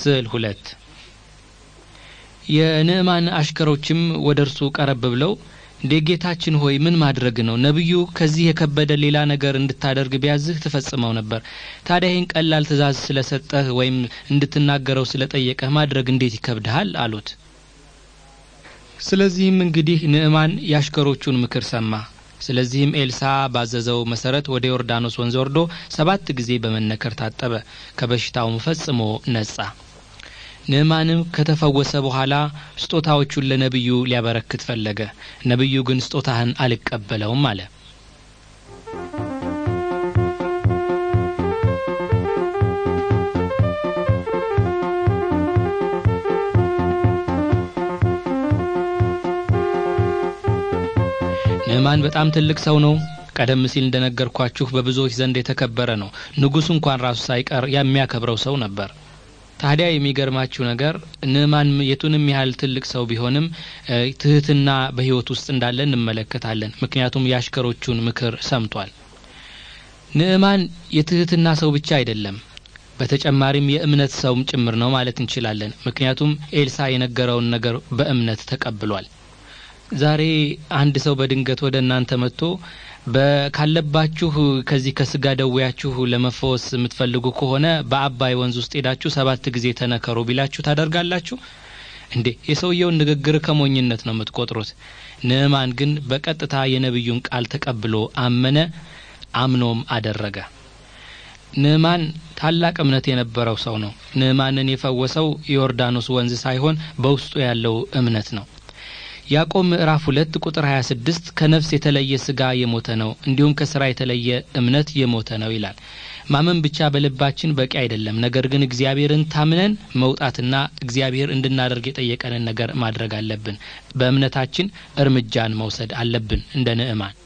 ስዕል ሁለት የንዕማን አሽከሮችም ወደ እርሱ ቀረብ ብለው እንዴ ጌታችን ሆይ ምን ማድረግ ነው? ነቢዩ ከዚህ የከበደ ሌላ ነገር እንድታደርግ ቢያዝህ ትፈጽመው ነበር። ታዲያ ይህን ቀላል ትእዛዝ ስለሰጠህ ወይም እንድትናገረው ጠየቀህ ማድረግ እንዴት ይከብድሃል? አሉት። ስለዚህም እንግዲህ ንዕማን የአሽከሮቹን ምክር ሰማ። ስለዚህም ኤልሳ ባዘዘው መሰረት ወደ ዮርዳኖስ ወንዝ ወርዶ ሰባት ጊዜ በመነከር ታጠበ። ከበሽታውም ፈጽሞ ነጻ። ንዕማንም ከተፈወሰ በኋላ ስጦታዎቹን ለነቢዩ ሊያበረክት ፈለገ። ነቢዩ ግን ስጦታህን አልቀበለውም አለ። ንዕማን በጣም ትልቅ ሰው ነው። ቀደም ሲል እንደነገርኳችሁ በብዙዎች ዘንድ የተከበረ ነው። ንጉሡ እንኳን ራሱ ሳይቀር የሚያከብረው ሰው ነበር። ታዲያ የሚገርማችሁ ነገር ንዕማን የቱንም ያህል ትልቅ ሰው ቢሆንም ትህትና በህይወት ውስጥ እንዳለ እንመለከታለን። ምክንያቱም የአሽከሮቹን ምክር ሰምቷል። ንዕማን የትህትና ሰው ብቻ አይደለም፣ በተጨማሪም የእምነት ሰውም ጭምር ነው ማለት እንችላለን። ምክንያቱም ኤልሳ የነገረውን ነገር በእምነት ተቀብሏል። ዛሬ አንድ ሰው በድንገት ወደ እናንተ መጥቶ ካለባችሁ ከዚህ ከስጋ ደዌያችሁ ለመፈወስ የምትፈልጉ ከሆነ በአባይ ወንዝ ውስጥ ሄዳችሁ ሰባት ጊዜ ተነከሩ ቢላችሁ ታደርጋላችሁ? እንዴ የሰውየውን ንግግር ከሞኝነት ነው የምትቆጥሩት። ንዕማን ግን በቀጥታ የነቢዩን ቃል ተቀብሎ አመነ፣ አምኖም አደረገ። ንዕማን ታላቅ እምነት የነበረው ሰው ነው። ንዕማንን የፈወሰው ዮርዳኖስ ወንዝ ሳይሆን በውስጡ ያለው እምነት ነው። ያዕቆብ ምዕራፍ ሁለት ቁጥር 26 ከነፍስ የተለየ ስጋ የሞተ ነው፣ እንዲሁም ከስራ የተለየ እምነት የሞተ ነው ይላል። ማመን ብቻ በልባችን በቂ አይደለም። ነገር ግን እግዚአብሔርን ታምነን መውጣትና እግዚአብሔር እንድናደርግ የጠየቀንን ነገር ማድረግ አለብን። በእምነታችን እርምጃን መውሰድ አለብን እንደ ንዕማን